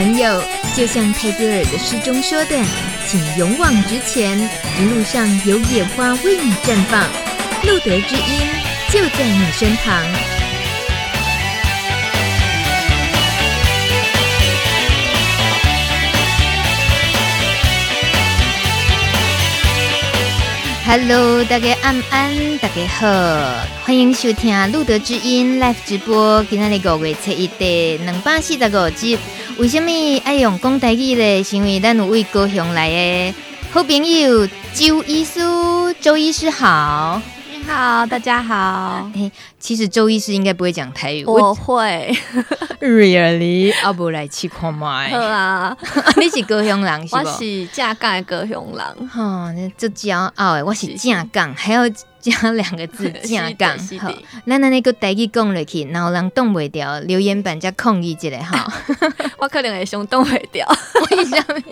朋友，就像泰戈爾的詩中說的，請勇往直前，一路上有野花為你綻放，露德知音就在你身旁。Hello，大家晚安，安，大家好，歡迎收聽露德知音 Live 直播，今仔日五月一日兩百四十五集。為蝦米愛用講台語嘞？是因為咱有位高雄來的好朋友周醫師，周醫師好。好，大家好。欸、其實周醫師應該不會講台語。我，我會 ，really？阿、啊、不來試試看，來試看覓好啊， 你是高雄人 是我是正港的高雄人。哈，這驕傲我是正港，還要加兩個字正港。 好，那那個台語講落去，然後人懂袂掉，留言版再抗議起來哈。 我可能會想懂袂掉。為什麼？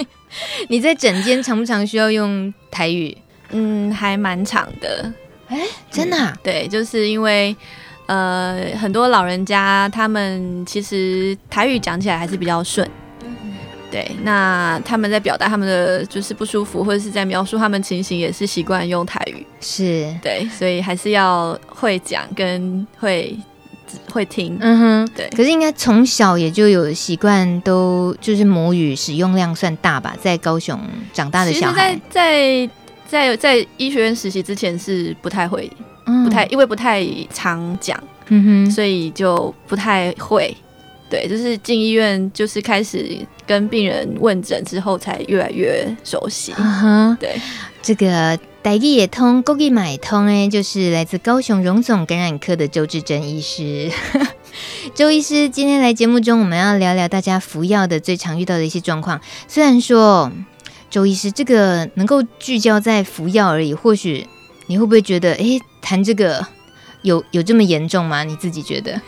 你在整間常不常需要用台語？ 嗯，還蠻常的。哎、欸，真的、啊嗯，對，就是因為，呃，很多老人家他們其實台語講起來還是比較順，對，那他們在表達他們的就是不舒服或者是在描述他們情形，也是習慣用台語，是，對，所以還是要會講跟會會聽，嗯哼，對，可是應該從小也就有習慣，都就是母語使用量算大吧，在高雄長大的小孩，在在。在在在醫學院實習之前是不太會，不太、嗯、因為不太常講、嗯，所以就不太會。對，就是進醫院就是開始跟病人問診之後才越來越熟悉。啊、哈，對，這個台語也通，國語嘛也通哎，就是來自高雄榮總感染科的周稚偵醫師。 周醫師，今天來節目中，我們要聊聊大家服藥的最常遇到的一些狀況。雖然說。周醫師，這個能夠聚焦在服藥而已，或許你會不會覺得，哎、欸，談這個有有這麼嚴重嗎？你自己覺得？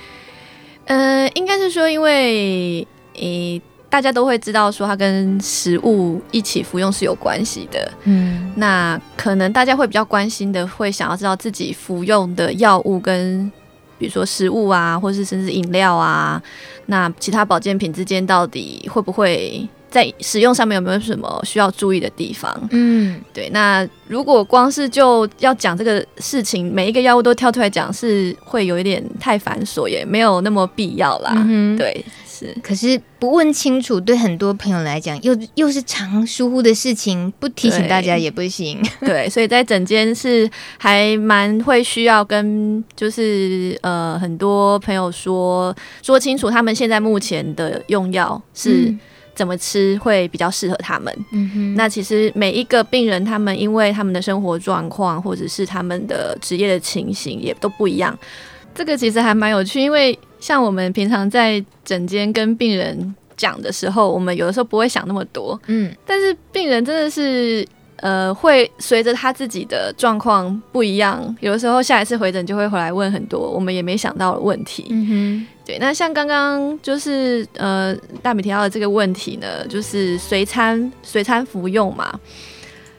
呃，應該是說，因為誒、欸，大家都會知道說，它跟食物一起服用是有關係的。嗯，那可能大家會比較關心的，會想要知道自己服用的藥物跟，比如說食物啊，或是甚至飲料啊，那其他保健品之間到底會不會？在使用上面有沒有什麼需要注意的地方？嗯，對。那如果光是就要講這個事情，每一個藥物都跳出來講，是會有一點太繁瑣，也沒有那麼必要啦。嗯，對，是。可是不問清楚，對很多朋友來講，又又是常疏忽的事情，不提醒大家也不行。對， 對，所以在診間是還蠻會需要跟，就是呃，很多朋友說說清楚他們現在目前的用藥是。嗯。怎麼吃會比較適合他們？嗯哼，那其實每一個病人，他們因為他們的生活狀況或者是他們的職業的情形也都不一樣。這個其實還蠻有趣，因為像我們平常在診間跟病人講的時候，我們有的時候不會想那麼多。嗯，但是病人真的是。呃，會隨着他自己的狀況不一樣，有的時候下一次回診就會回來問很多我們也沒想到的問題。嗯哼，對。那像剛剛就是呃，大米提到的這個問題呢，就是隨餐隨餐服用嘛。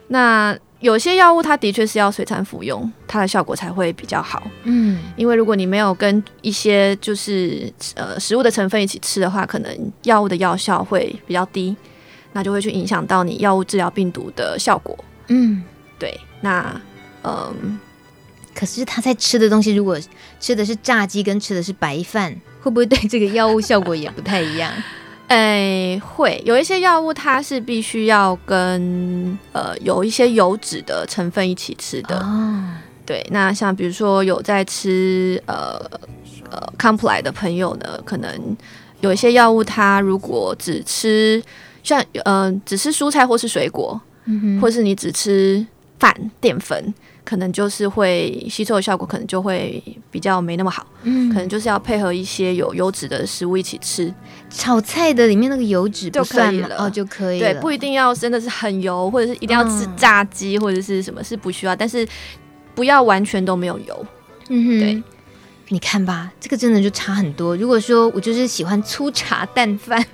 那有些藥物它的確是要隨餐服用，它的效果才會比較好。嗯，因為如果你沒有跟一些就是呃食物的成分一起吃的話，可能藥物的藥效會比較低。那就會去影響到你藥物治療病毒的效果。嗯，對。那，嗯，可是他在吃的東西，如果吃的是炸雞跟吃的是白飯，會不會對這個藥物效果也不太一樣？哎， 會有一些藥物它是必須要跟呃有一些油脂的成分一起吃的。哦、對，那像比如說有在吃呃呃康普萊的朋友呢，可能有一些藥物它如果只吃。像呃，只吃蔬菜，或是水果，嗯、或是你只吃飯澱粉，可能就是會吸收的效果，可能就會比較沒那麼好。嗯，可能就是要配合一些有油脂的食物一起吃。炒菜的裡面那個油脂就可以了哦，就可以了。對，不一定要真的是很油，或者是一定要吃炸雞或者是什麼、嗯、是不需要，但是不要完全都沒有油。嗯，對，你看吧，這個真的就差很多。如果說我就是喜歡粗茶淡飯，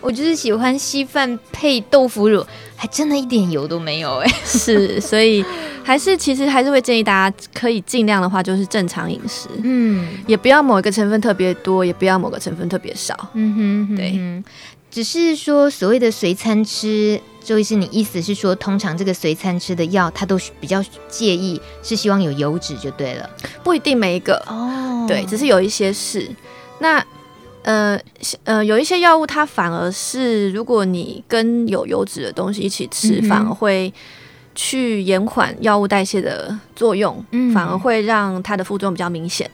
我就是喜歡稀飯配豆腐乳，還真的一點油都沒有哎、欸， 是，所以還是其實還是會建議大家可以盡量的話就是正常飲食，嗯，也不要某一個成分特別多，也不要某個成分特別少，嗯哼，嗯哼，對，只是說所謂的隨餐吃，周醫師，你意思是說通常這個隨餐吃的藥，它都比較介意，是希望有油脂就對了，不一定每一個哦，對，只是有一些是那。呃呃，有一些藥物它反而是，如果你跟有油脂的東西一起吃，嗯、反而會去延緩藥物代謝的作用、嗯，反而會讓它的副作用比較明顯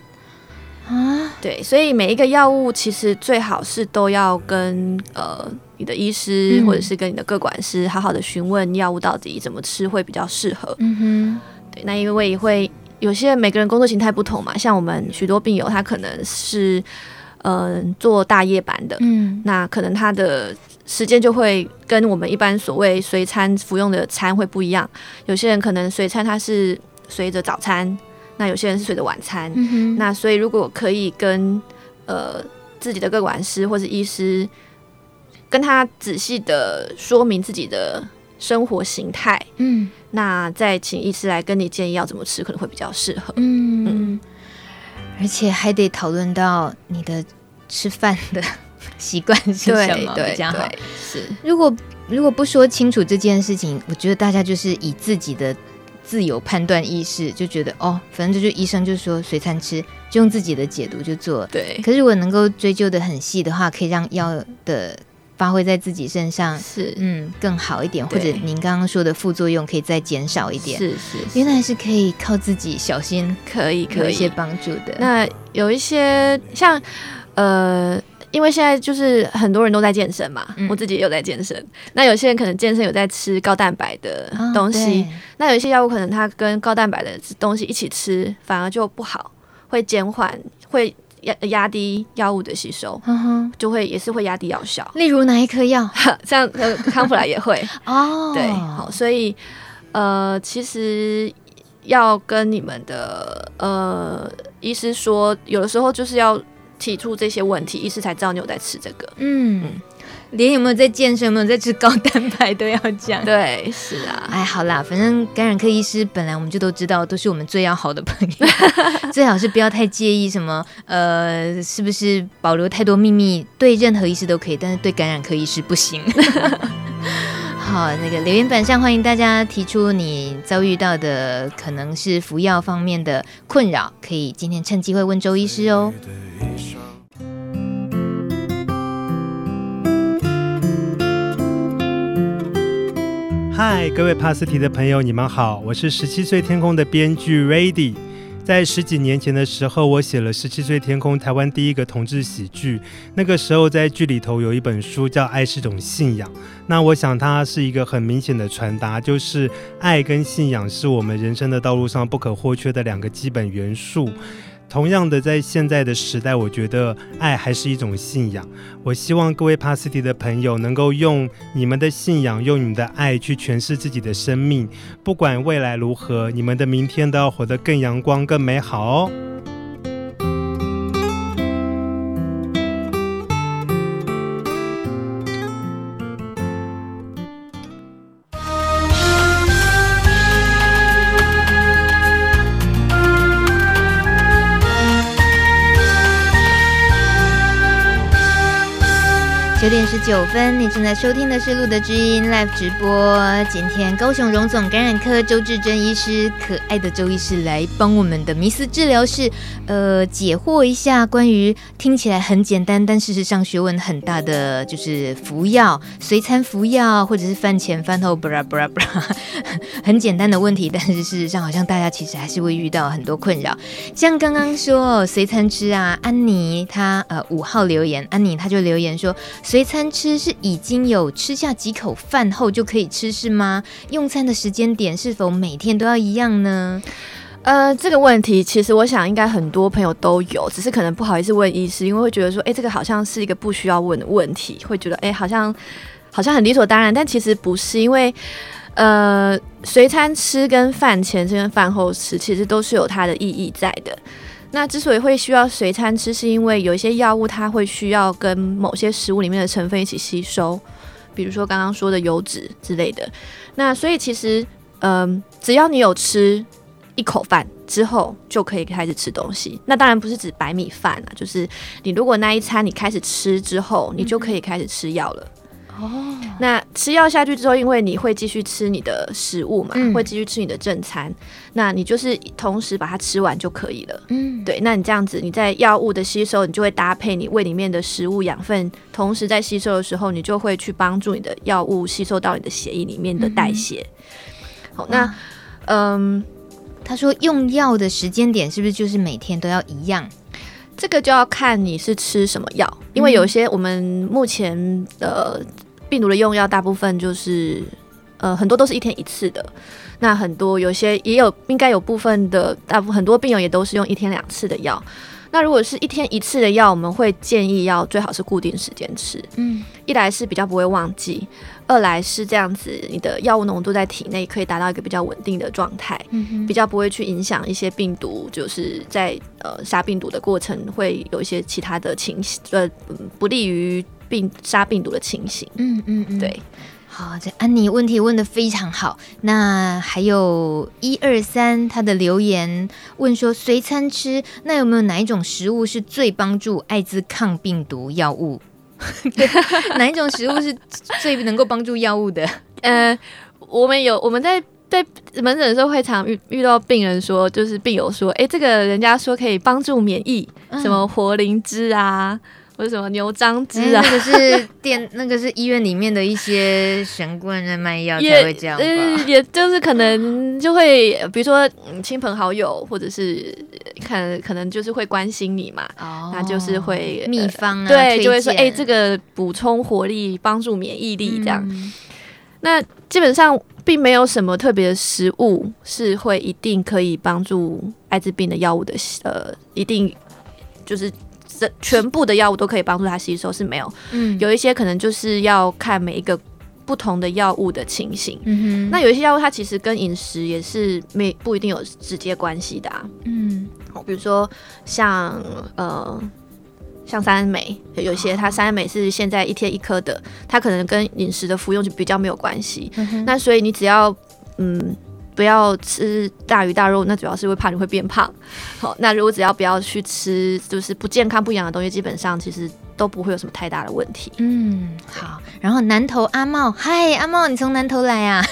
啊。對，所以每一個藥物其實最好是都要跟呃你的醫師或者是跟你的個管師好好的詢問藥物到底怎麼吃會比較適合。嗯對，那因為也會有些每個人工作型態不同嘛，像我們許多病友他可能是。呃，做大夜班的，嗯，那可能他的時間就會跟我們一般所謂隨餐服用的餐會不一樣。有些人可能隨餐他是隨着早餐，那有些人是隨着晚餐。嗯，那所以如果可以跟呃自己的個管師或是醫師跟他仔細的說明自己的生活形態，嗯，那再請醫師來跟你建議要怎麼吃，可能會比較適合。嗯。嗯而且還得討論到你的吃飯的習慣，對是什麼，這樣，對、對，是。如果如果不說清楚這件事情，我覺得大家就是以自己的自由判斷意識，就覺得哦，反正就是醫生就說隨餐吃，就用自己的解讀就做。對。可是如果能夠追究得很細的話，可以讓藥的。發揮在自己身上是嗯更好一點，或者您剛剛說的副作用可以再減少一點，是，是是，原來是可以靠自己小心，可以可以有一些幫助的。那有一些像呃，因為現在就是很多人都在健身嘛，嗯、我自己也有在健身。那有些人可能健身有在吃高蛋白的東西，哦、那有一些藥物可能它跟高蛋白的東西一起吃反而就不好，會減緩會。壓壓低藥物的吸收，呵呵，就會也是會壓低藥效。例如哪一顆藥？ 像呃康福來也會哦， 對，好，所以呃其實要跟你們的呃醫師說，有的時候就是要提出這些問題，醫師才知道你有在吃這個。嗯。嗯連有沒有在健身、有沒有在吃高蛋白都要講。 對，是啊。哎，好啦，反正感染科醫師本來我們就都知道，都是我們最要好的朋友， 最好是不要太介意什麼，呃，是不是保留太多祕密？對任何醫師都可以，但是對感染科醫師不行。 好，那個留言板上歡迎大家提出你遭遇到的可能是服藥方面的困擾，可以今天趁機會問周醫師哦。嗨，各位帕斯提的朋友，你們好，我是十七歲天空的編劇 Rady。在十幾年前的時候，我寫了《十七歲天空》，台灣第一個同志喜劇。那個時候，在劇裡頭有一本書叫《愛是種信仰》。那我想，它是一個很明顯的傳達，就是愛跟信仰是我們人生的道路上不可或缺的兩個基本元素。同樣的，在現在的時代，我覺得愛還是一種信仰。我希望各位帕斯蒂的朋友能夠用你們的信仰，用你們的愛去詮釋自己的生命。不管未來如何，你們的明天都要活得更陽光、更美好哦。九點十九分，你正在收聽的是《露德知音》Live 直播。今天高雄榮總感染科周稚偵醫師，可愛的周醫師來幫我們的迷思治療室，呃，解惑一下關於聽起來很簡單，但事實上學問很大的就是服藥、隨餐服藥，或者是飯前飯後，不啦不啦不啦很簡單的問題，但是事實上好像大家其實還是會遇到很多困擾。像剛剛說隨餐吃啊，安妮她呃五號留言，安妮她就留言說。隨餐吃是已經有吃下幾口飯後就可以吃是嗎？用餐的時間點是否每天都要一樣呢？呃，這個問題其實我想應該很多朋友都有，只是可能不好意思問醫師，因為會覺得說，哎、欸，這個好像是一個不需要問的問題，會覺得，哎、欸，好像好像很理所當然，但其實不是，因為呃，隨餐吃跟飯前跟飯後吃其實都是有它的意義在的。那之所以會需要隨餐吃，是因為有一些藥物它會需要跟某些食物裡面的成分一起吸收，比如說剛剛說的油脂之類的。那所以其實，嗯、呃，只要你有吃一口飯之後，就可以開始吃東西。那當然不是指白米飯啊，就是你如果那一餐你開始吃之後，你就可以開始吃藥了。嗯哦，那吃藥下去之後，因為你會繼續吃你的食物嘛，嗯、會繼續吃你的正餐，那你就是同時把它吃完就可以了。嗯，對，那你這樣子，你在藥物的吸收，你就會搭配你胃裡面的食物養分，同時在吸收的時候，你就會去幫助你的藥物吸收到你的血液裡面的代謝。嗯、好，那嗯，他說用藥的時間點是不是就是每天都要一樣？這個就要看你是吃什麼藥，因為有些我們目前的。病毒的用藥大部分就是，呃，很多都是一天一次的。那很多有些也有，應該有部分的，大部分很多病友也都是用一天兩次的藥。那如果是一天一次的藥，我們會建議要最好是固定時間吃。嗯，一來是比較不會忘記，二來是這樣子，你的藥物濃度在體內可以達到一個比較穩定的狀態，嗯，比較不會去影響一些病毒，就是在，呃，殺病毒的過程會有一些其他的情形，呃，不利於。病殺病毒的情形，嗯嗯嗯，對，好，這安妮問題問得非常好。那還有一二三，他的留言問說，隨餐吃，那有沒有哪一種食物是最幫助艾滋抗病毒藥物？對， 哪一種食物是最能夠幫助藥物的？ 呃，我們有我們在在門診的時候會常遇遇到病人說，就是病友說，哎、欸，這個人家說可以幫助免疫，嗯、什麼活靈芝啊。為什麼牛樟芝啊、嗯？那個是店， 那個是醫院裡面的一些神棍在賣藥才會這樣。嗯、呃，也就是可能就會，比如說親朋好友，或者是看可能就是會關心你嘛，那、哦、就是會祕方啊，呃、對，就會說哎、欸，這個補充活力，幫助免疫力這樣、嗯。那基本上並沒有什麼特別的食物是會一定可以幫助艾滋病的藥物的，呃，一定就是。全部的藥物都可以幫助他吸收是沒有，嗯，有一些可能就是要看每一個不同的藥物的情形，嗯哼，那有一些藥物它其實跟飲食也是沒不一定有直接關係的、啊，嗯，好，比如說像呃像三恩美，有一些它三恩美是現在一天一顆的，它可能跟飲食的服用就比較沒有關係、嗯，那所以你只要嗯。不要吃大魚大肉，那主要是會怕你會變胖。好、哦，那如果只要不要去吃就是不健康不養的東西，基本上其實都不會有什麼太大的問題。嗯，好。然後南投阿茂，嗨，阿茂，你從南投來啊？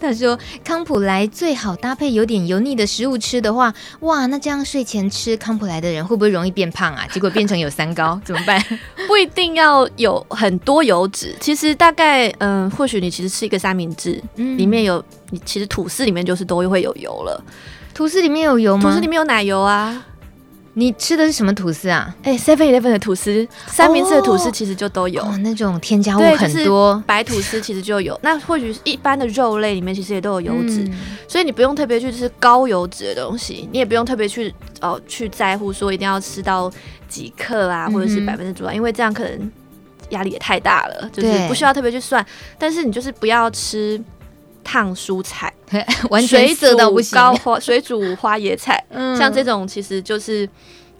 他說康普萊最好搭配有點油膩的食物吃的話，哇，那這樣睡前吃康普萊的人會不會容易變胖啊？結果變成有三高 怎麼辦？不一定要有很多油脂，其實大概嗯、呃，或許你其實吃一個三明治，嗯、裡面有。你其實吐司裡面就是都會有油了，吐司裡面有油嗎？吐司裡面有奶油啊。你吃的是什麼吐司啊？哎，Seven Eleven 的吐司，三明治的吐司其實就都有。哦哦，那種添加物很多。就是，白吐司其實就有。那或許一般的肉類裡面其實也都有油脂，嗯、所以你不用特別去吃高油脂的東西，你也不用特別去哦，呃、去在乎說一定要吃到幾克啊，或者是百分之多少、嗯嗯，因為這樣可能壓力也太大了，就是不需要特別去算。但是你就是不要吃。燙蔬菜， 水煮的不行，水煮花椰菜，嗯，像這種其實就是，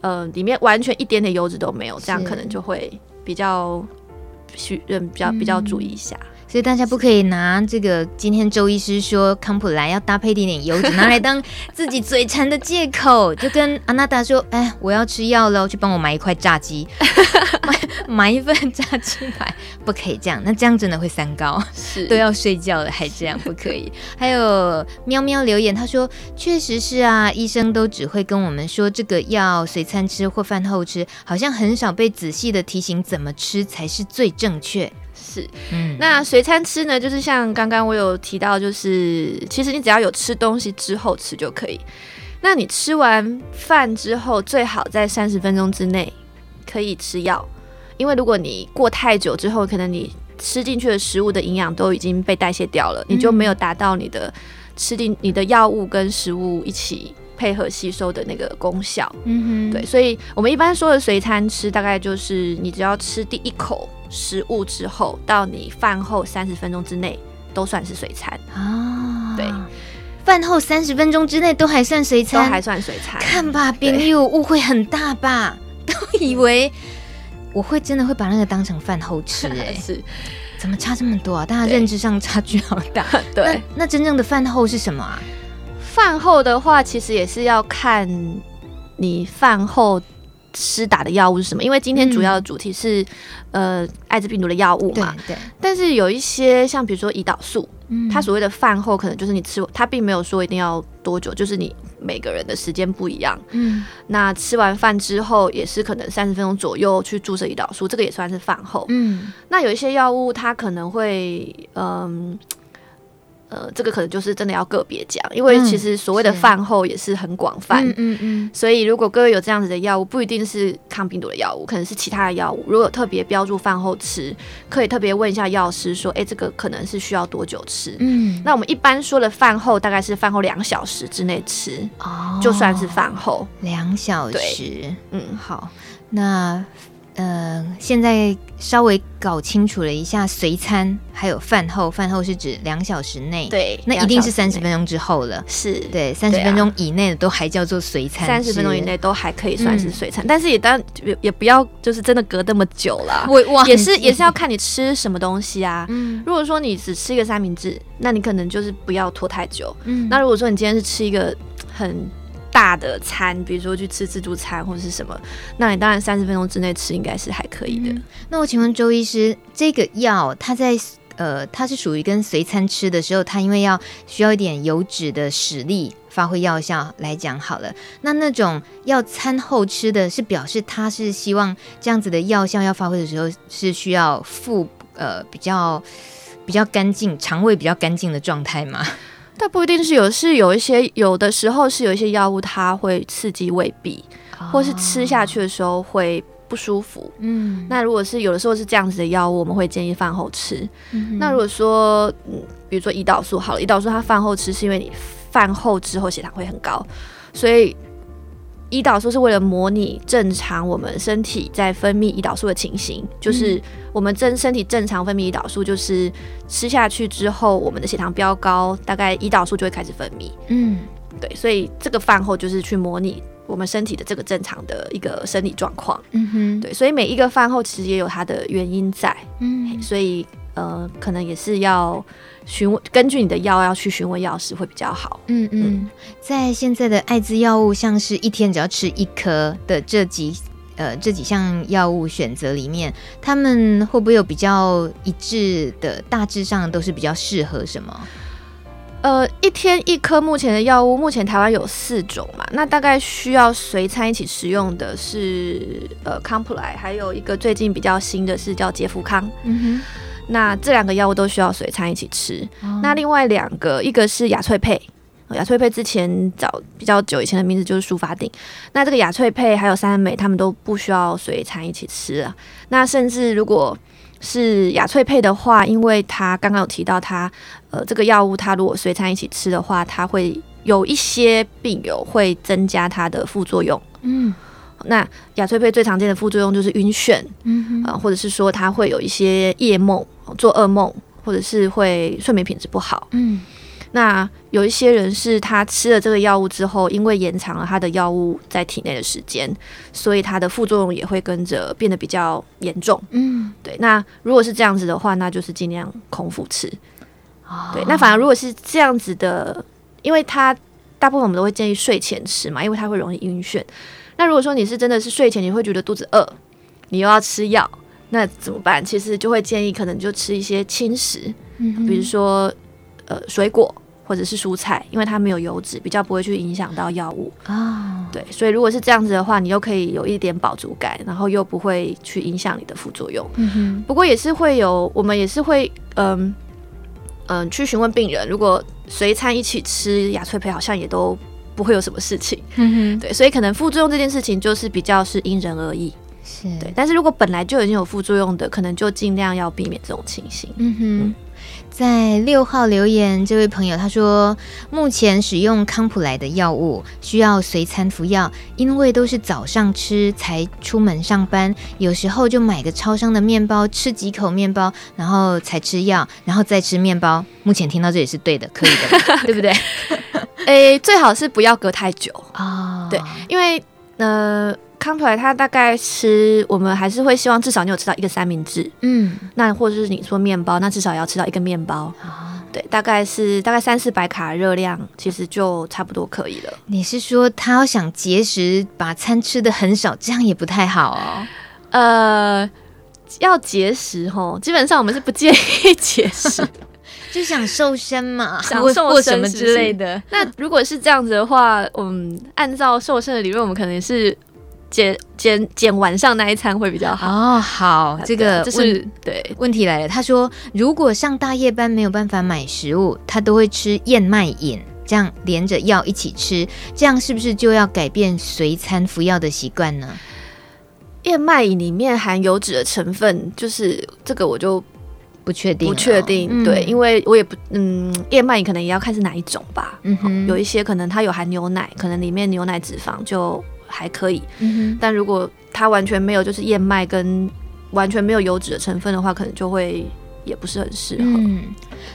呃，裡面完全一點點油脂都沒有，這樣可能就會比較需人比較比較、嗯、比較注意一下。所以大家不可以拿這個今天周醫師說康普萊要搭配一點點油脂，拿來當自己嘴饞的借口，就跟阿娜達說：“哎，我要吃藥了，去幫我買一塊炸雞，買買一份炸雞排。”不可以這樣，那這樣真的會三高。是，都要睡覺了還這樣不可以。還有喵喵留言，他說：“確實是啊，醫生都只會跟我們說這個藥隨餐吃或飯後吃，好像很少被仔細的提醒怎麼吃才是最正確。”是，嗯，那隨餐吃呢？就是像剛剛我有提到，就是其實你只要有吃東西之後吃就可以。那你吃完飯之後，最好在三十分鐘之內可以吃藥，因為如果你過太久之後，可能你吃進去的食物的營養都已經被代謝掉了，嗯、你就沒有達到你的吃進你的藥物跟食物一起配合吸收的那個功效。嗯哼，對，所以我們一般說的隨餐吃，大概就是你只要吃第一口食物之後，到你飯後三十分鐘之內都算是隨餐啊。對，飯後三十分鐘之內都還算隨餐，都還算隨餐。看吧，別又誤會很大吧？都以為我會真的會把那個當成飯後吃哎、欸？ 是，怎麼差這麼多啊？大家認知上差距好大。對， 對那,那真正的飯後是什麼啊？飯後的話，其實也是要看你飯後。施打的藥物是什麼？因為今天主要的主題是，嗯、呃，艾滋病毒的藥物嘛對。對。但是有一些像比如說胰島素、嗯，它所謂的飯後可能就是你吃，它並沒有說一定要多久，就是你每個人的時間不一樣。嗯。那吃完飯之後也是可能三十分鐘左右去注射胰島素，這個也算是飯後。嗯。那有一些藥物它可能會，嗯。呃，這個可能就是真的要個別講，因為其實所謂的飯後也是很廣泛。嗯嗯，嗯，嗯，所以如果各位有這樣子的藥物，不一定是抗病毒的藥物，可能是其他的藥物。如果特別標注飯後吃，可以特別問一下藥師說，哎，這個可能是需要多久吃？嗯，那我們一般說的飯後大概是飯後兩小時之內吃，哦，就算是飯後兩小時。嗯，好，那。嗯、呃，現在稍微搞清楚了一下，隨餐還有飯後，飯後是指兩小時內，對，那一定是三十分鐘之後了，是對，三十分鐘以內的都還叫做隨餐，三十、啊、分鐘以內都還可以算是隨餐，是隨餐嗯、但是也當然也不要就是真的隔那麼久了，我我也是也是要看你吃什麼東西啊、嗯，如果說你只吃一個三明治，那你可能就是不要拖太久，嗯、那如果說你今天是吃一個很。大的餐，比如說去吃自助餐或者是什麼，那你當然三十分鐘之內吃應該是還可以的。嗯。那我請問周醫師，這個藥它在呃，它是屬於跟隨餐吃的時候，它因為要需要一點油脂的實力發揮藥效來講好了。那那種要餐後吃的是表示它是希望這樣子的藥效要發揮的時候是需要腹呃比較比較乾淨，腸胃比較乾淨的狀態嗎？但不一定是有，是有一些有的時候是有一些藥物，它會刺激胃壁，哦。或是吃下去的時候會不舒服。嗯，那如果是有的時候是這樣子的藥物，我們會建議飯後吃。嗯。那如果說，嗯，比如說胰島素，好了，胰島素它飯後吃，是因為你飯後之後血糖會很高，所以。胰島素是為了模擬正常我們身體在分泌胰島素的情形，就是我們正身體正常分泌胰島素，就是吃下去之後，我們的血糖飆高，大概胰島素就會開始分泌。嗯，對，所以這個飯後就是去模擬我們身體的這個正常的一個生理狀況。嗯哼，對，所以每一個飯後其實也有它的原因在。嗯，所以呃，可能也是要。詢問，根據你的藥要去詢問藥師會比較好。嗯嗯，在現在的艾滋藥物，像是一天只要吃一顆的這幾呃這幾項藥物選擇裡面，他們會不會有比較一致的？大致上都是比較適合什麼？呃，一天一顆目前的藥物，目前台灣有四種嘛？那大概需要隨餐一起食用的是呃康普萊，還有一個最近比較新的是叫捷福康。嗯哼。那這兩個藥物都需要隨餐一起吃。嗯。那另外兩個，一個是雅翠配，雅翠配之前早比較久以前的名字就是舒法頂。那這個雅翠配還有三美，他們都不需要隨餐一起吃了。那甚至如果是雅翠配的話，因為他剛剛有提到他，呃，這個藥物他如果隨餐一起吃的話，他會有一些病友會增加它的副作用。嗯。那亞翠佩最常見的副作用就是暈眩，嗯啊、呃，或者是說他會有一些夜夢、做噩夢，或者是會睡眠品質不好，嗯。那有一些人是他吃了這個藥物之後，因為延長了他的藥物在體內的時間，所以他的副作用也會跟着變得比較嚴重，嗯。對，那如果是這樣子的話，那就是盡量空腹吃、哦，對。那反而如果是這樣子的，因為他大部分我們都會建議睡前吃嘛，因為他會容易暈眩。那如果說你是真的是睡前你會覺得肚子餓，你又要吃藥，那怎麼辦？其實就會建議可能就吃一些輕食、嗯，比如說呃水果或者是蔬菜，因為它沒有油脂，比較不會去影響到藥物啊、哦。對，所以如果是這樣子的話，你又可以有一點飽足感，然後又不會去影響你的副作用。嗯哼、不過也是會有，我們也是會嗯嗯、呃呃、去詢問病人，如果隨餐一起吃雅翠培，好像也都。不會有什麼事情、嗯，對，所以可能副作用這件事情就是比較是因人而異，是對。但是如果本來就已經有副作用的，可能就盡量要避免這種情形。嗯哼，在六號留言這位朋友他說，目前使用康普萊的藥物需要隨餐服藥，因為都是早上吃才出門上班，有時候就買個超商的麵包吃幾口麵包，然後才吃藥，然後再吃麵包。目前聽到這也是對的，可以的， 對不對？ 誒、欸，最好是不要隔太久啊、哦。對，因為呃，康普萊他大概吃，我們還是會希望至少你有吃到一個三明治，嗯，那或者是你說麵包，那至少也要吃到一個麵包啊、哦。對，大概是大概三四百卡熱量，其實就差不多可以了。你是說他要想節食，把餐吃的很少，這樣也不太好哦。呃，要節食哦，基本上我們是不建議節食。 就想瘦身嘛，想瘦什麼之類的。那如果是這樣子的話，我們按照瘦身的理論，我們可能也是減減減晚上那一餐會比較好。哦，好，啊、這個就是對。問題來了，他說如果上大夜班沒有辦法買食物，他都會吃燕麥飲，這樣連着藥一起吃，這樣是不是就要改變隨餐服藥的習慣呢？燕麥飲裡面含油脂的成分，就是這個我就。不確定、哦，不確定，對、嗯，因為我也不，嗯，燕麥可能也要看是哪一種吧、嗯哦，有一些可能它有含牛奶，可能裡面牛奶脂肪就還可以、嗯，但如果它完全沒有就是燕麥跟完全沒有油脂的成分的話，可能就會也不是很適合。嗯，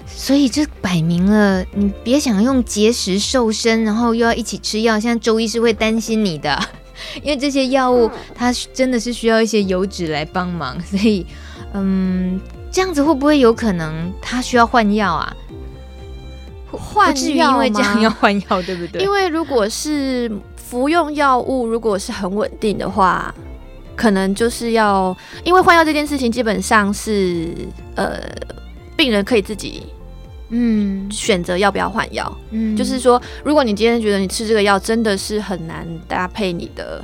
所以這擺明了你別想用節食瘦身，然後又要一起吃藥，現在周醫師會擔心你的， 因為這些藥物它真的是需要一些油脂來幫忙，所以，嗯。這樣子會不會有可能他需要換藥啊？換是因為這樣要換藥對不對？因為如果是服用藥物，如果是很穩定的話，可能就是要因為換藥這件事情基本上是呃病人可以自己嗯選擇要不要換藥。嗯，就是說如果你今天覺得你吃這個藥真的是很難搭配你的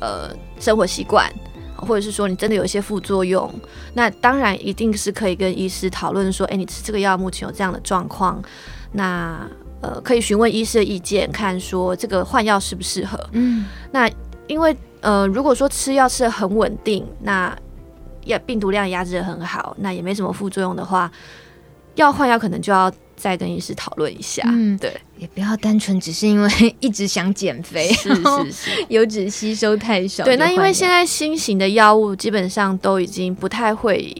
呃生活習慣。或者是說你真的有一些副作用，那當然一定是可以跟醫師討論說，哎、欸，你吃這個藥目前有這樣的狀況，那呃可以詢問醫師的意見，看說這個換藥適不適合。嗯，那因為呃如果說吃藥吃的很穩定，那要病毒量壓制的很好，那也沒什麼副作用的話，要換藥可能就要再跟醫師討論一下。嗯，對。也不要單純只是因為一直想減肥，是是是，油脂 吸收太少。對，那因為現在新型的藥物基本上都已經不太會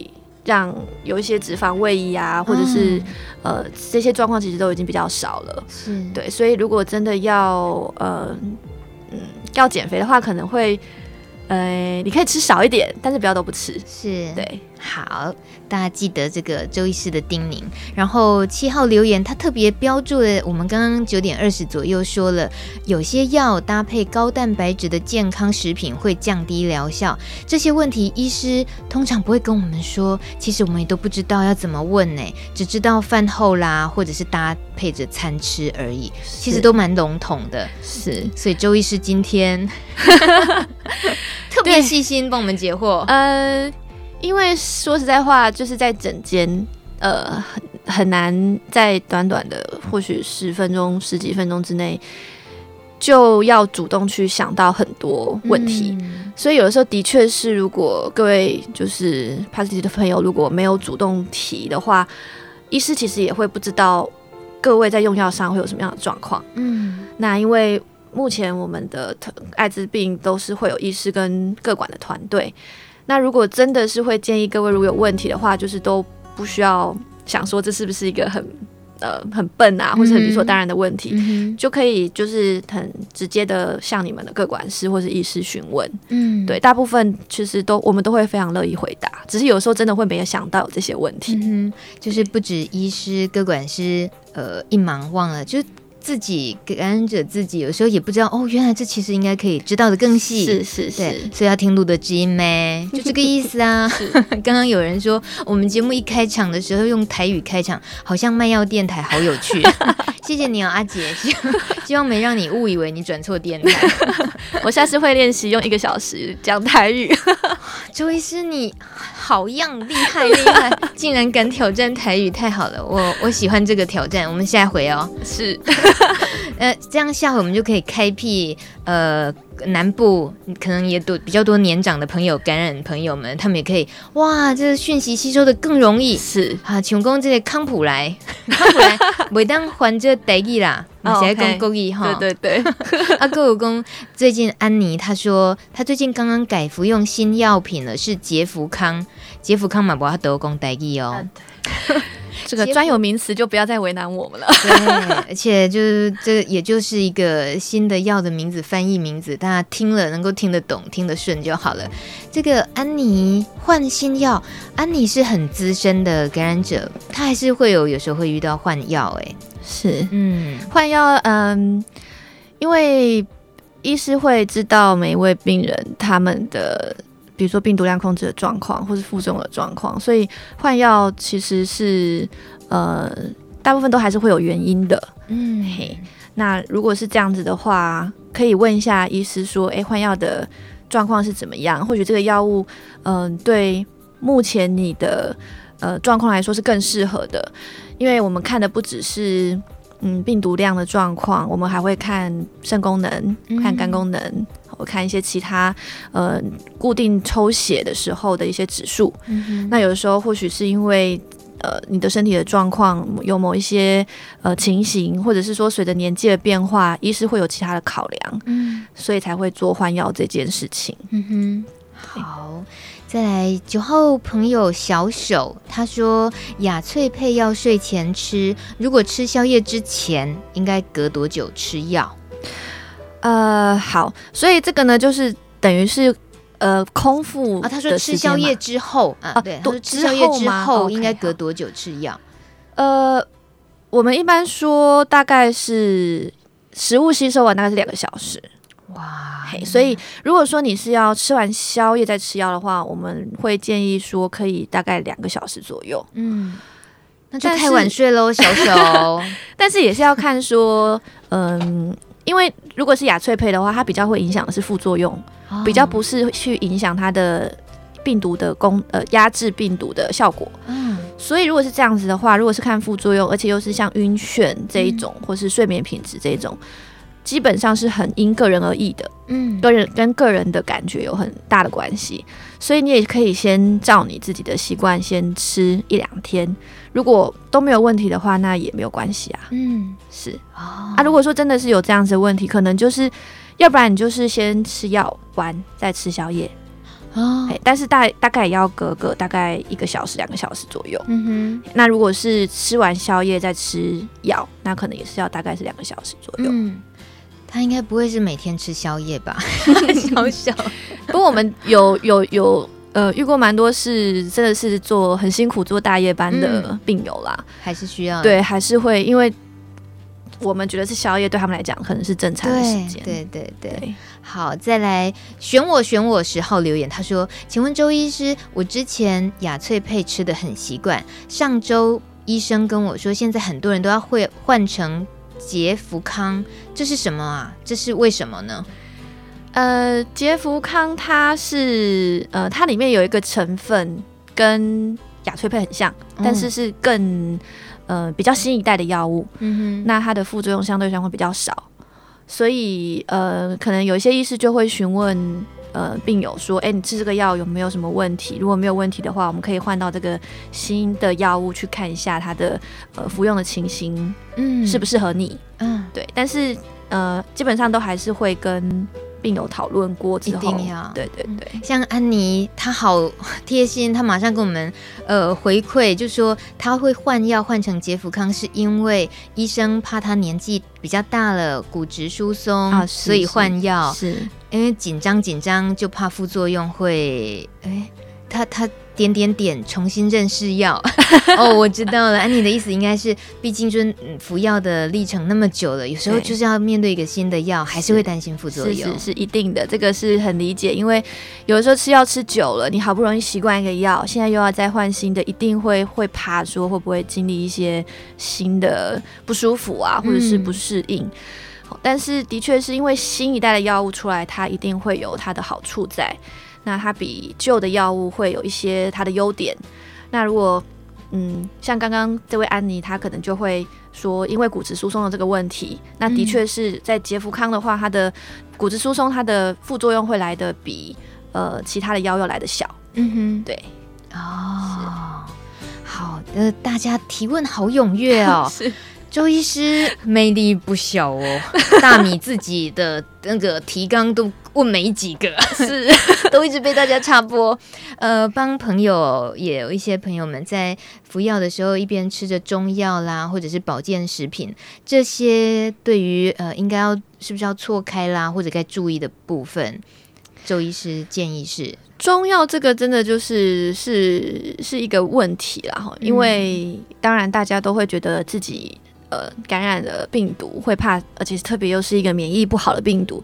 讓有一些脂肪位移啊，或者是、嗯、呃這些狀況其實都已經比較少了。是，對，所以如果真的要呃嗯要減肥的話，可能會呃你可以吃少一點，但是不要都不吃。是，對。好，大家記得這個周醫師的叮嚀。然後七號留言，他特別標注了，我們剛剛九點二十左右說了，有些藥搭配高蛋白質的健康食品會降低療效。這些問題，醫師通常不會跟我們說，其實我們也都不知道要怎麼問呢，只知道飯後啦，或者是搭配着餐吃而已。其實都蠻籠統的，是。所以周醫師今天 特別細心幫我們解惑，嗯。呃因為說實在話，就是在診間呃，很很難在短短的或許十分鐘十幾分鐘之內就要主動去想到很多問題，嗯、所以有的時候的確是，如果各位就是 positive 的朋友如果沒有主動提的話，醫師其實也會不知道各位在用藥上會有什麼樣的狀況。嗯，那因為目前我們的艾滋病都是會有醫師跟各管的團隊。那如果真的是會建議各位，如果有問題的話，就是都不需要想說這是不是一個很呃很笨啊，或者很理所當然的問題，嗯嗯，就可以就是很直接的向你們的個管師或是醫師詢問。嗯，對，大部分其實都我們都會非常樂意回答，只是有時候真的會沒有想到有這些問題。嗯，就是不止醫師、個管師，呃，一忙忘了，就是。自己感染者自己，有時候也不知道哦。原來這其實應該可以知道得更細。是是是，對，所以要聽露德知音唄，就這個意思啊。剛 剛有人說我們節目一開場的時候用台語開場，好像賣藥電台，好有趣。 謝謝你、哦、 啊，阿姐，希望沒讓你誤以為你轉錯電台。 我下次會練習用一個小時講台語。 周醫師你好樣，厲害厲害，竟然敢挑戰台語，太好了。我我喜歡這個挑戰，我們下回哦。是。 呃，這樣下回我們就可以開闢呃南部，可能也多比較多年長的朋友感染朋友們，他們也可以哇，這訊息吸收得更容易。是啊，強工這些康普萊， 康普萊，袂當還這代誌啦，唔使講公意哈，對對對，啊。阿哥我公最近安妮她說她最近剛剛改服用新藥品了，是捷福康，捷福康嘛，我阿德公代誌哦。 這個專有名詞就不要再為難我們了。對，而且就是這，也就是一個新的藥的名字翻譯名字，大家聽了能夠聽得懂、聽得順就好了。這個安妮換新藥，安妮是很資深的感染者，她還是會有有時候會遇到換藥、欸。誒，是，嗯，換藥，嗯，因為醫師會知道每一位病人他們的。比如說病毒量控制的狀況，或是副作用的狀況，所以換藥其實是呃大部分都還是會有原因的。嗯嘿，那如果是這樣子的話，可以問一下醫師說，哎、欸，換藥的狀況是怎麼樣？或許這個藥物，嗯、呃，對目前你的呃狀況來說是更適合的，因為我們看的不只是嗯病毒量的狀況，我們還會看腎功能、看肝功能。嗯我看一些其他，呃，固定抽血的時候的一些指數。嗯哼。那有的時候或許是因為，呃，你的身體的狀況有某一些呃情形，或者是說隨着年紀的變化，醫師會有其他的考量。嗯。所以才會做換藥這件事情。嗯哼。好，再來九號朋友小手，他說亞翠配藥睡前吃，如果吃宵夜之前，應該隔多久吃藥？呃，好，所以這個呢，就是等於是呃空腹啊，他說吃宵夜之後啊，啊，對，吃宵夜之後應該隔多久吃藥？呃，我們一般說大概是食物吸收完大概是兩個小時，哇嘿，所以如果說你是要吃完宵夜再吃藥的話，我們會建議說可以大概兩個小時左右，嗯，那就太晚睡嘍，小小，但是， 但是也是要看說，嗯。因為如果是亞翠佩的話，它比較會影響的是副作用，比較不是去影響它的病毒的攻、呃壓制病毒的效果。嗯，所以如果是這樣子的話，如果是看副作用，而且又是像暈眩這一種、嗯，或是睡眠品質這一種，基本上是很因個人而異的。嗯，個人跟個人的感覺有很大的關係，所以你也可以先照你自己的習慣先吃一兩天。如果都沒有問題的話，那也沒有關係啊。嗯、是、哦、啊。如果說真的是有這樣子的問題，可能就是要不然你就是先吃藥完再吃宵夜哦、欸，但是大大概也要隔個大概一個小時、兩個小時左右。嗯哼、欸。那如果是吃完宵夜再吃藥，那可能也是要大概是兩個小時左右。嗯，他應該不會是每天吃宵夜吧？ 小小 不過我們有有有。有呃，遇過蠻多事真的是做很辛苦做大夜班的病友啦，嗯、還是需要對，還是會，因為我們覺得是宵夜，對他們來講可能是正餐的時間。對對對,對,對，好，再來選我選我十號留言，他說：“請問周醫師，我之前亞翠配吃的很習慣，上周醫生跟我說，現在很多人都要會換成捷福康，這是什麼啊？這是為什麼呢？”呃，捷扶康，它是呃，它裡面有一個成分跟亞翠佩很像，嗯，但是是更呃比較新一代的藥物。嗯哼，那它的副作用相對上會比，比較少，所以呃，可能有一些醫師就會詢問呃病友說：“哎、欸，你吃這個藥有沒有什麼問題？如果沒有問題的話，我們可以換到這個新的藥物去看一下它的呃服用的情形，嗯，適不適合你？嗯，對。但是呃，基本上都還是會跟。並有討論過之後，一定要對，對對對，嗯、像安妮她好貼心，她馬上跟我們呃回饋，就說她會換藥換成杰福康，是因為醫生怕她年紀比較大了，骨質疏鬆、啊、所以換藥，是因為緊張緊張就怕副作用會，哎、欸，她她。點點點，重新認識藥。哦、 oh，我知道了，安妮的意思應該是，畢竟就服藥的歷程那麼久了，有時候就是要面對一個新的藥，還是會擔心副作用，是是，是，是一定的，這個是很理解，因為有的時候吃藥吃久了，你好不容易習慣一個藥，現在又要再換新的，一定會會怕說會不會經歷一些新的不舒服啊，或者是不適應、嗯。但是的確是因為新一代的藥物出來，它一定會有它的好處在。那它比舊的藥物會有一些它的優點。那如果嗯，像剛剛這位安妮，她可能就會說，因為骨質疏鬆的這個問題，那的確是在捷福康的話，它的骨質疏鬆它的副作用會來的比呃其他的藥要來的小。嗯哼，對。哦，oh，好的，呃，大家提問好踴躍哦。 是周醫師魅力不小哦，大米自己的那個提綱都問沒幾個， 是都一直被大家插播。呃，幫朋友也有一些朋友們在服藥的時候，一邊吃着中藥啦，或者是保健食品，這些對於呃，應該要是不是要錯開啦，或者該注意的部分，周醫師建議是中藥這個真的就是是是一個問題啦，因為、嗯、當然大家都會覺得自己。呃，感染的病毒會怕，而且特別又是一個免疫不好的病毒。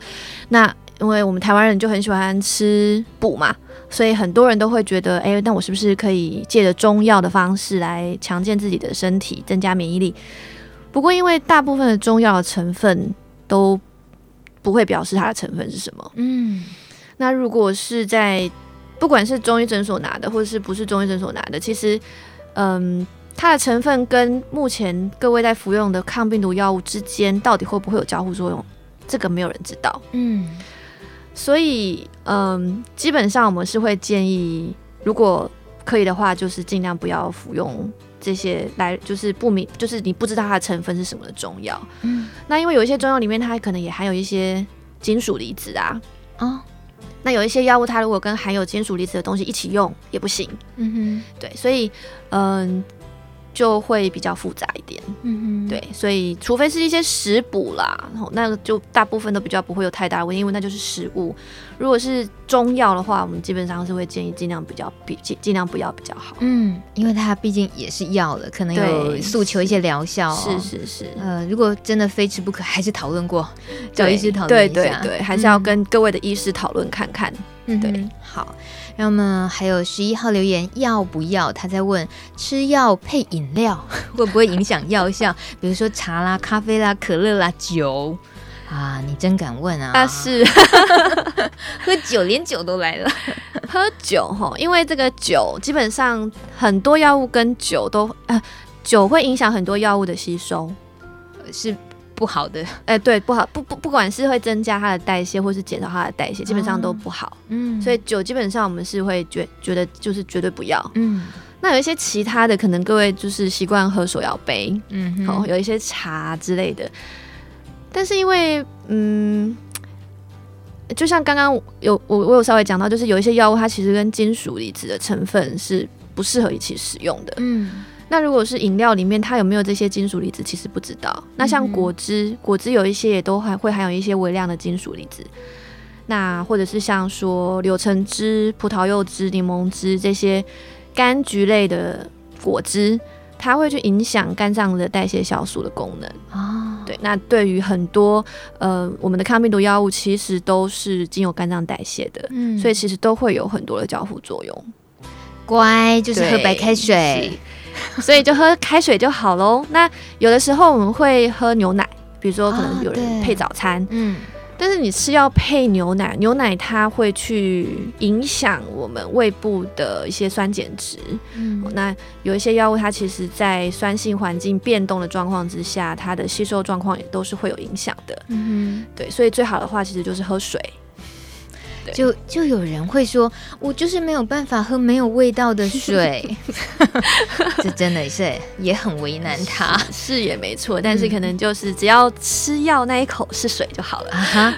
那因為我們台灣人就很喜歡吃補嘛，所以很多人都會覺得，哎，那我是不是可以借着中藥的方式來強健自己的身體，增加免疫力？不過因為大部分的中藥的成分都不會表示它的成分是什麼。嗯，那如果是在不管是中醫診所拿的，或者是不是中醫診所拿的，其實，嗯。它的成分跟目前各位在服用的抗病毒藥物之間到底會不會有交互作用？這個沒有人知道。嗯，所以嗯，基本上我們是會建議，如果可以的話，就是盡量不要服用這些來，就是不明，就是你不知道它的成分是什麼的中藥。嗯，那因為有一些中藥裡面它可能也含有一些金屬離子啊。啊、哦，那有一些藥物它如果跟含有金屬離子的東西一起用也不行。嗯哼，對，所以嗯。就會比較複雜一點，嗯，對，所以除非是一些食補啦，然後那個就大部分都比較不會有太大的問題，因為那就是食物。如果是中藥的話，我們基本上是會建議儘量比較比，比儘儘量不要比較好，嗯，因為它畢竟也是藥的，可能有訴求一些療效，哦，是是是，是，是，呃，如果真的非吃不可，還是討論過，找醫師討論一下，對對對，對，還是要跟各位的醫師討論看看，嗯，對，嗯，對，好。那麼還有十一號留言要不要？他在問吃藥配飲料 會不會影響藥效？比如說茶啦、咖啡啦、可樂啦、酒啊，你真敢問啊！那、啊、是， 喝酒連酒都來了，喝酒齁，因為這個酒基本上很多藥物跟酒都、呃、酒會影響很多藥物的吸收，是。不好的，哎、欸，對，不好，不不，不管是會增加它的代謝，或是減少它的代謝，哦，基本上都不好。嗯，所以酒基本上我們是會覺覺得就是絕對不要。嗯，那有一些其他的，可能各位就是習慣喝手搖杯，嗯，好，哦，有一些茶之類的，但是因為，嗯，就像剛剛有我我有稍微講到，就是有一些藥物它其實跟金屬離子的成分是不適合一起使用的。嗯。那如果是飲料裡面，它有沒有這些金屬離子？其實不知道。那像果汁，果汁有一些也都還會含有一些微量的金屬離子。那或者是像說柳橙汁、葡萄柚汁、檸檬汁這些柑橘類的果汁，它會去影響肝臟的代謝酵素的功能啊、哦。對，那對於很多呃我們的抗病毒藥物，其實都是經由肝臟代謝的，嗯，所以其實都會有很多的交互作用。乖，就是喝白開水。 所以就喝開水就好嘍。那有的時候我們會喝牛奶，比如說可能有人配早餐，啊、嗯，但是你吃要藥配牛奶，牛奶它會去影響我們胃部的一些酸鹼值。嗯，那有一些藥物它其實在酸性環境變動的狀況之下，它的吸收狀況也都是會有影響的。嗯，對，所以最好的話其實就是喝水。就就有人會說，我就是沒有辦法喝沒有味道的水， 這真的是，欸、也很為難他。是，是也沒錯，嗯，但是可能就是只要吃藥那一口是水就好了。哎、 啊，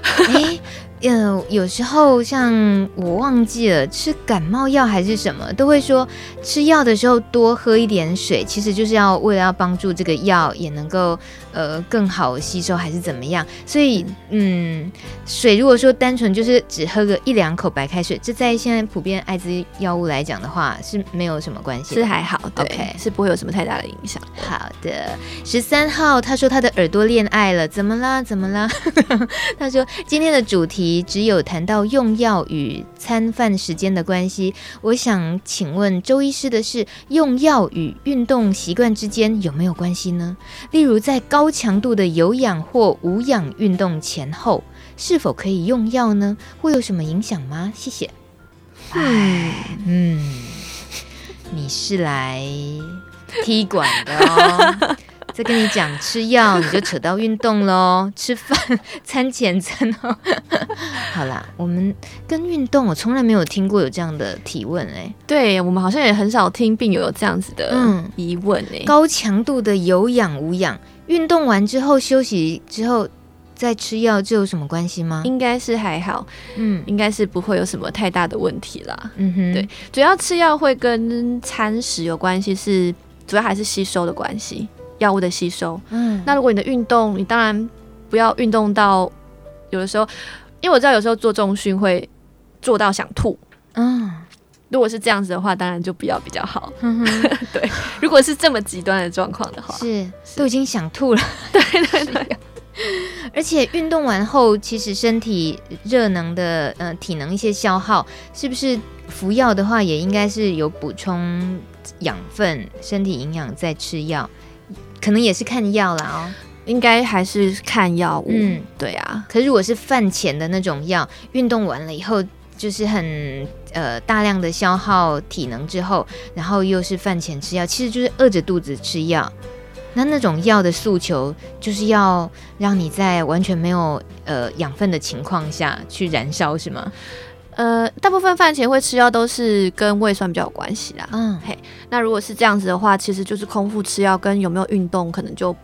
有，欸呃、有時候像我忘記了吃感冒藥還是什麼，都會說吃藥的時候多喝一點水，其實就是要為了要幫助這個藥也能夠。呃，更好吸收還是怎麼樣？所以，嗯，水如果說單純就是只喝個一兩口白開水，這在現在普遍艾滋藥物來講的話，是沒有什麼關係，是還好，對、okay，是不會有什麼太大的影響的。好的，十三號他說他的耳朵戀愛了，怎麼啦？怎麼啦？ 他說今天的主題只有談到用藥與餐飯時間的關係，我想請問周醫師的是，用藥與運動習慣之間有沒有關係呢？例如在高高強度的有氧或無氧運動前後是否可以用藥呢？會有什麼影響嗎？謝謝。嗯，嗯，你是來踢館的哦，在 跟你講吃藥，你就扯到運動嘍。吃飯，餐前餐後。 好啦，我們跟運動，我從來沒有聽過有這樣的提問哎、欸。對我們好像也很少聽病友有這樣子的疑問哎、欸嗯。高強度的有氧無氧。運動完之後休息之後再吃藥，這有什麼關係嗎？應該是還好，嗯，應該是不會有什麼太大的問題啦。嗯哼，對，主要吃藥會跟餐食有關係，是主要還是吸收的關係，藥物的吸收。嗯，那如果你的運動，你當然不要運動到有的時候，因為我知道有時候做重訓會做到想吐。嗯。如果是這樣子的話，當然就不要比較好。嗯、 對，如果是這麼極端的狀況的話，是、是都已經想吐了。 對對對，對， 而且運動完後，其實身體熱能的呃體能一些消耗，是不是服藥的話也應該是有補充養分、身體營養再吃藥？可能也是看藥啦哦，應該還是看藥物。嗯，對啊。可是如果是飯前的那種藥，運動完了以後。就是很呃大量的消耗體能之後，然後又是飯前吃藥，其實就是餓着肚子吃藥。那那種藥的訴求，就是要讓你在完全沒有呃養分的情況下去燃燒，是嗎？呃，大部分飯前會吃藥都是跟胃酸比較有關係啦。嗯，嘿，那如果是這樣子的話，其實就是空腹吃藥跟有沒有運動，可能就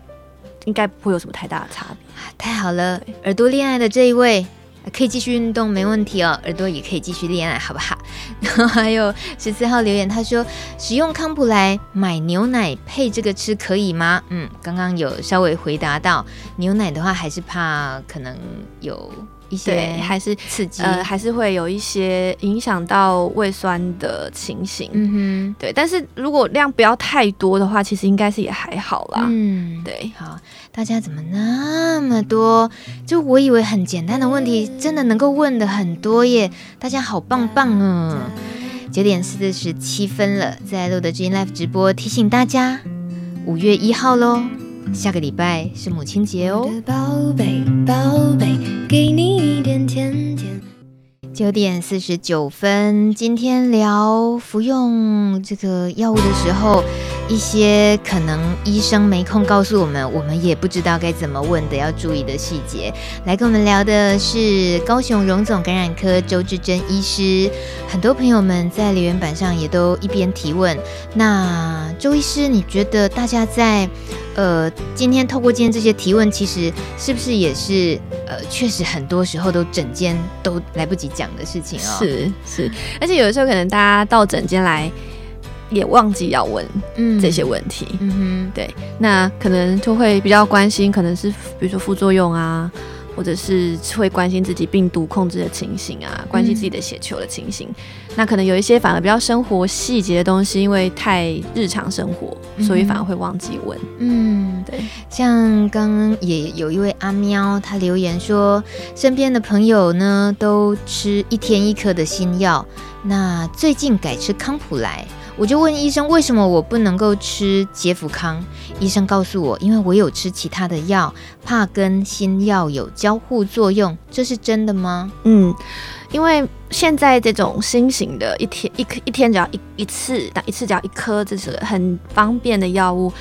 應該不會有什麼太大的差別。太好了，耳朵戀愛的這一位，可以繼續運動，沒問題哦。耳朵也可以繼續戀愛，好不好？然後還有十四號留言，他說使用康普萊買牛奶配這個吃可以嗎？嗯，剛剛有稍微回答到，牛奶的話還是怕可能有。一些對還是刺激，呃、還是會有一些影響到胃酸的情形。嗯哼，對。但是如果量不要太多的話，其實應該是也還好啦。嗯，對。好，大家怎麼那麼多？就我以為很簡單的問題，真的能夠問的很多耶！大家好棒棒哦！啊！九點四十七分了，在露德知音 Live 直播，提醒大家五月一號嘍。下個禮拜是母親節哦。我的寶貝寶貝，給你一點甜甜。九點四十九分，今天聊服用這個藥物的時候，一些可能醫生沒空告訴我們，我們也不知道該怎麼問的，要注意的細節。來跟我們聊的是高雄榮總感染科周稚偵醫師。很多朋友們在留言板上也都一邊提問。那周醫師，你覺得大家在呃今天透過今天這些提問，其實是不是也是呃確實很多時候都診間都來不及講的事情哦？是是，而且有的時候可能大家到診間來。也忘記要問這些問題嗯。嗯哼，對，那可能就會比較關心，可能是比如說副作用啊，或者是會關心自己病毒控制的情形啊，關心自己的血球的情形。嗯。那可能有一些反而比較生活細節的東西，因為太日常生活，所以反而會忘記問。嗯，對。像剛剛也有一位阿喵，他留言說，身邊的朋友呢都吃一天一顆的新藥，那最近改吃康普萊。我就問醫生，為什麼我不能夠吃捷扶康？醫生告訴我，因為我有吃其他的藥，怕跟新藥有交互作用，這是真的嗎？嗯，因為現在這種新型的，一天一顆，一天只要一一次，但一次只要一顆，這是很方便的藥物。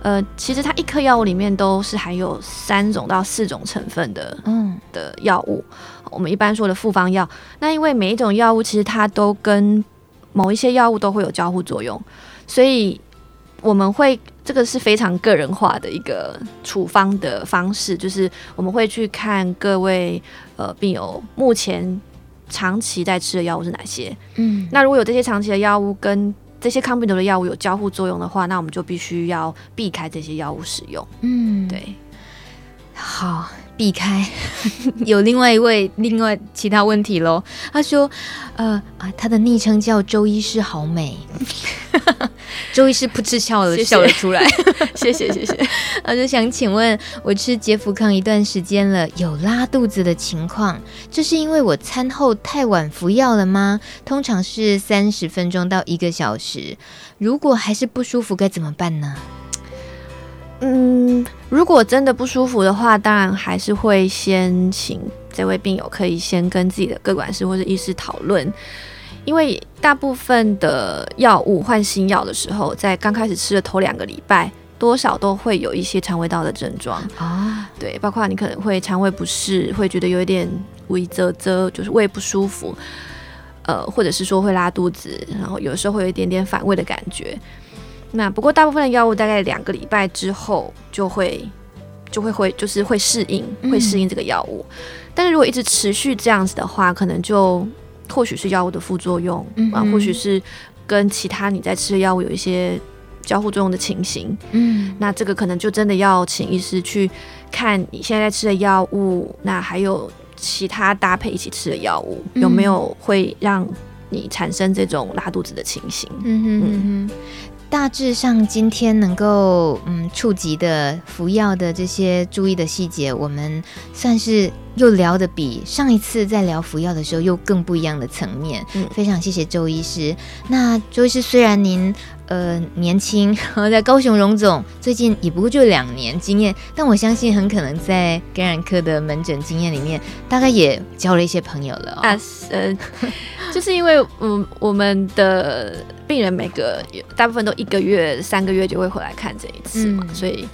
呃，其實它一顆藥物裡面都是含有三種到四種成分的，嗯，的藥物。我們一般說的複方藥，那因為每一種藥物其實它都跟某一些藥物都會有交互作用，所以我們會這個是非常個人化的一個處方的方式，就是我們會去看各位呃病友目前長期在吃的藥物是哪些。嗯，那如果有這些長期的藥物跟這些抗病毒的藥物有交互作用的話，那我們就必須要避開這些藥物使用。嗯，對，好。避開 有另外一位，另外其他問題嘍。他說：“呃啊，他的昵稱叫周醫師，好美。 ”周醫師噗嗤笑了謝謝，笑了出來。謝謝謝謝。我就想請問，我吃捷福康一段時間了，有拉肚子的情況，這是因為我餐後太晚服藥了嗎？通常是三十分鐘到一個小時，如果還是不舒服，該怎麼辦呢？嗯。如果真的不舒服的話，當然還是會先請這位病友可以先跟自己的個管師或者醫師討論，因為大部分的藥物換新藥的時候，在剛開始吃的頭兩個禮拜，多少都會有一些腸胃道的症狀啊，對，包括你可能會腸胃不適，會覺得有一點胃嘖嘖，就是胃不舒服，呃，或者是說會拉肚子，然後有時候會有一點點反胃的感覺。那不過，大部分的藥物大概兩個禮拜之後就會就會會就是會適應，會適應這個藥物，嗯。但是如果一直持續這樣子的話，可能就或許是藥物的副作用，嗯，啊，或許是跟其他你在吃的藥物有一些交互作用的情形。嗯，那這個可能就真的要請醫師去看你現在在吃的藥物，那還有其他搭配一起吃的藥物，嗯，有沒有會讓你產生這種拉肚子的情形？嗯哼。嗯大致上，今天能夠嗯觸及的服藥的這些注意的細節，我們算是又聊得比上一次在聊服藥的時候又更不一樣的層面。嗯，非常謝謝周醫師。那周醫師，雖然您。呃，年輕，然後在高雄榮總，最近也不過就兩年經驗，但我相信很可能在感染科的門診經驗裡面，大概也交了一些朋友了哦。啊、呃，就是因為我、 嗯、我們的病人每個大部分都一個月、三個月就會回來看這一次嘛，嗯、所以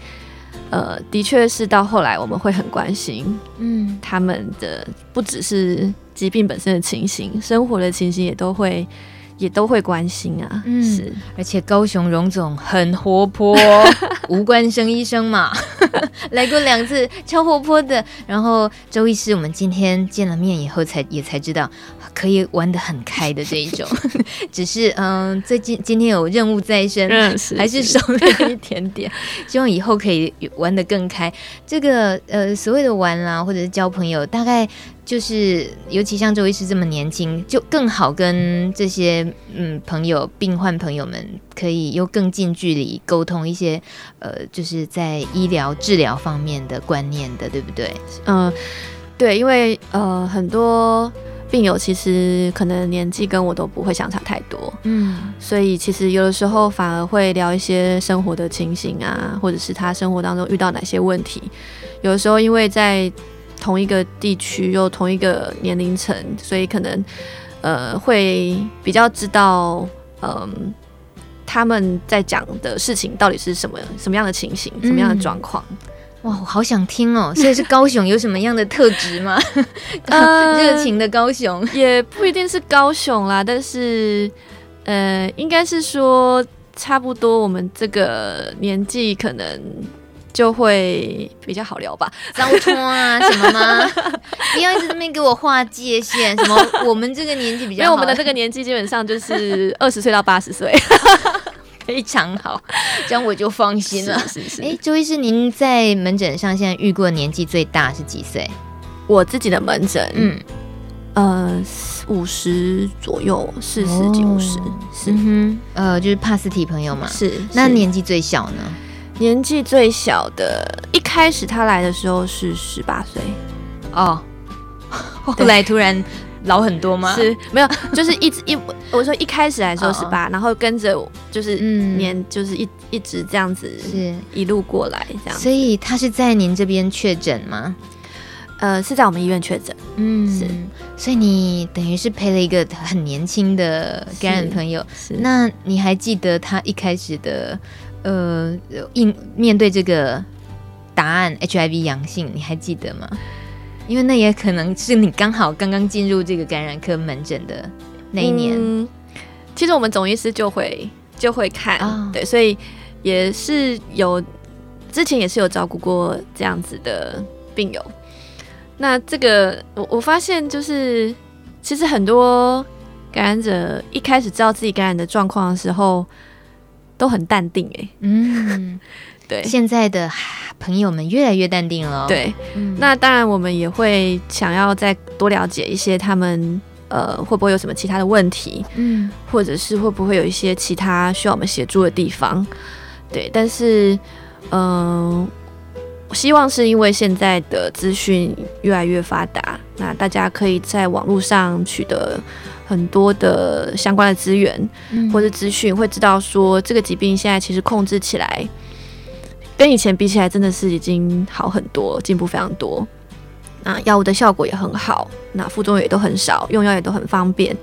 呃，的確是到後來我們會很關心，嗯，他們的不只是疾病本身的情形，生活的情形也都會。也都會關心啊，嗯、是，而且高雄榮總很活潑，吳 冠生醫生嘛， 來過兩次，超活潑的。然後周醫師，我們今天見了面以後才，才也才知道可以玩得很開的這一種， 只是嗯，最近今天有任務在身， 還是少了一點點， 希望以後可以玩得更開。這個呃，所謂的玩啦、啊，或者是交朋友，大概。就是，尤其像周醫師這麼年輕，就更好跟這些嗯朋友、病患朋友們，可以又更近距離溝通一些，呃，就是在醫療治療方面的觀念的，對不對？嗯，對，因為呃很多病友其實可能年紀跟我都不會相差太多，嗯，所以其實有的時候反而會聊一些生活的情形啊，或者是他生活當中遇到哪些問題，有的時候因為在同一個地區又同一個年齡層，所以可能呃會比較知道，嗯、呃，他們在講的事情到底是什麼什麼樣的情形，什麼樣的狀況？嗯、哇，我好想聽哦！所以是高雄有什麼樣的特質嗎？熱 情的高雄、呃、也不一定是高雄啦，但是呃，應該是說差不多我們這個年紀可能。就會比較好聊吧？啊，商討啊什麼嗎？不要一直這邊給我劃界限， 什麼我們這個年紀比較好。因為我們的這個年紀基本上就是二十歲到八十歲， 非常好，這樣我就放心了，是不是？哎，周醫師，您在門診上現在遇過的年紀最大是幾歲？我自己的門診，嗯，呃，五十左右，四十幾五十，嗯哼、嗯，呃，就是帕斯提朋友嘛，是，是。那年紀最小呢？年紀最小的，一開始他來的時候是十八歲，哦，後來突然老很多嗎？是，沒有，就是一直一我說一開始來的時候十八，然後跟着我就是年、嗯、就是一一直這樣子是一路過來，這樣。所以他是在您這邊確診嗎？呃，是在我們醫院確診，嗯，是。所以你等於是陪了一個很年輕的感染朋友是。那你還記得他一開始的？呃，應面對這個答案 HIV 陽性，你還記得嗎？因為那也可能是你剛好剛剛進入這個感染科門診的那一年。嗯，其實我們總醫師就會就會看，Oh. 對，所以也是有之前也是有照顧過這樣子的病友。那這個我我發現就是，其實很多感染者一開始知道自己感染的狀況的時候。都很淡定哎，嗯， 對，現在的哈朋友們越來越淡定了，對、嗯，那當然我們也會想要再多了解一些他們，呃，會不會有什麼其他的問題，嗯，或者是會不會有一些其他需要我們協助的地方、嗯，對，但是，嗯、呃，我希望是因為現在的資訊越來越發達，那大家可以在網絡上取得。很多的相關的資源或者資訊會知道說，這個疾病現在其實控制起來跟以前比起來，真的是已經好很多，進步非常多。那藥物的效果也很好，那副作用也都很少，用藥也都很方便。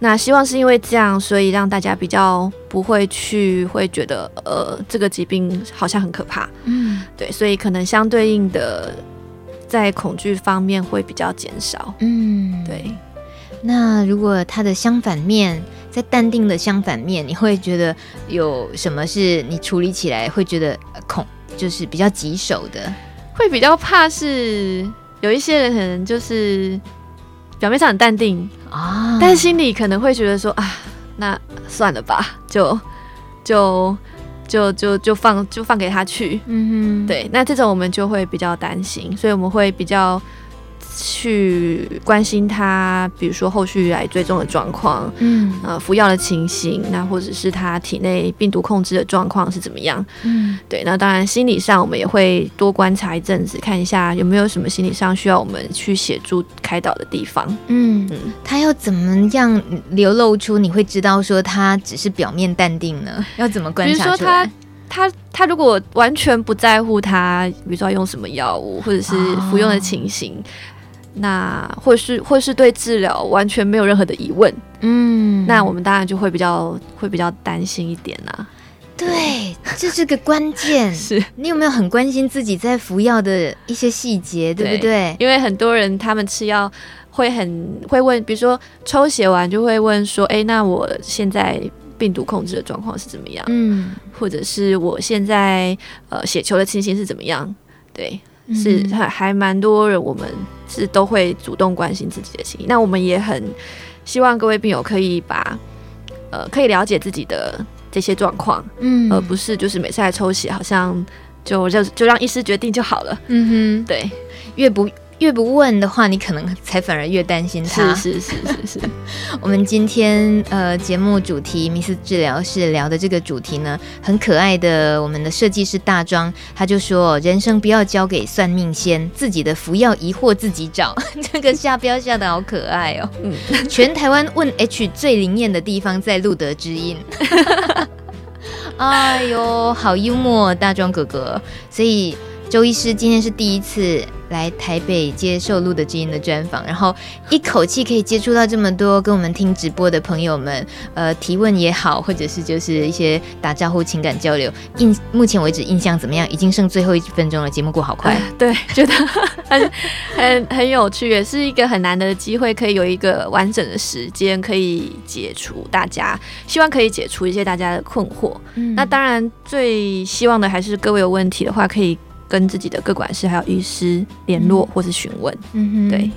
那希望是因為這樣，所以讓大家比較不會去會覺得呃，這個疾病好像很可怕。嗯，對，所以可能相對應的，在恐懼方面會比較減少。嗯，對。那如果他的相反面，在淡定的相反面，你會覺得有什麼是你處理起來會覺得、呃、恐，就是比較棘手的，會比較怕是有一些人可能就是表面上很淡定啊、哦，但心裡可能會覺得說啊，那算了吧，就就就就就放就放給他去，嗯哼，對，那這種我們就會比較擔心，所以我們會比較去關心他，比如說後續來追蹤的狀況，嗯，呃，服藥的情形，那或者是他體內病毒控制的狀況是怎麼樣？嗯，對，那當然心理上我們也會多觀察一陣子，看一下有沒有什麼心理上需要我們去協助開導的地方。嗯，他要怎麼樣流露出你會知道說他只是表面淡定呢？要怎麼觀察出來？比如說他，他，他如果完全不在乎他，比如說要用什麼藥物或者是服用的情形。哦嗯那或是或是對治療完全沒有任何的疑問，嗯，那我們當然就會比較會比較擔心一點啦、啊。對，這是個關鍵。 是你有沒有很關心自己在服藥的一些細節，對不對？對，因為很多人他們吃藥會很會問，比如說抽血完就會問說：“哎、欸，那我現在病毒控制的狀況是怎麼樣？”嗯，或者是我現在呃血球的情形是怎麼樣？對。是還還蠻多人，我們是都會主動關心自己的心意。那我們也很希望各位病友可以把呃，可以了解自己的這些狀況，嗯，而不是就是每次來抽血，好像就就就讓醫師決定就好了。嗯哼，對，越不。越不問的話，你可能才反而越擔心他。是是是是是。是是是 我們今天呃，節目主題“迷思治療室”是聊的這個主題呢，很可愛的我們的設計師大莊，他就說：“人生不要交給算命仙，自己的服藥疑惑自己找。 ”這個下標下的好可愛哦。嗯。全台灣問 H 最靈驗的地方在露德知音。 哎喲好幽默，大莊哥哥。所以。周醫師今天是第一次來台北接受露德知音的專訪，然後一口氣可以接觸到這麼多跟我們聽直播的朋友們，呃，提問也好，或者是就是一些打招呼、情感交流，印目前為止印象怎麼樣？已經剩最後一分鐘了，節目過好快，哎、對，覺得很很很有趣，也是一個很難得的機會，可以有一個完整的時間，可以解除大家，希望可以解除一些大家的困惑。嗯，那當然最希望的還是各位有問題的話可以。跟自己的個管師，還有醫師聯絡或是詢問，嗯，對。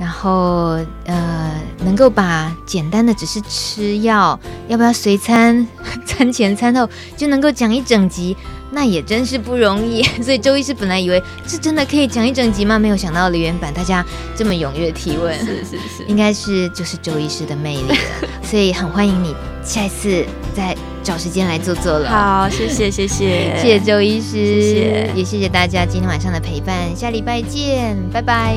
然後，呃，能夠把簡單的只是吃藥，要不要隨餐、餐前、餐後，就能夠講一整集，那也真是不容易。所以周醫師本來以為是真的可以講一整集嗎？沒有想到留言板大家這麼踴躍的提問，是是是，是，應該是就是周醫師的魅力了。 所以很歡迎你下一次再找時間來坐坐了。好，謝謝謝謝謝謝周醫師謝謝，也謝謝大家今天晚上的陪伴，下禮拜見，拜拜。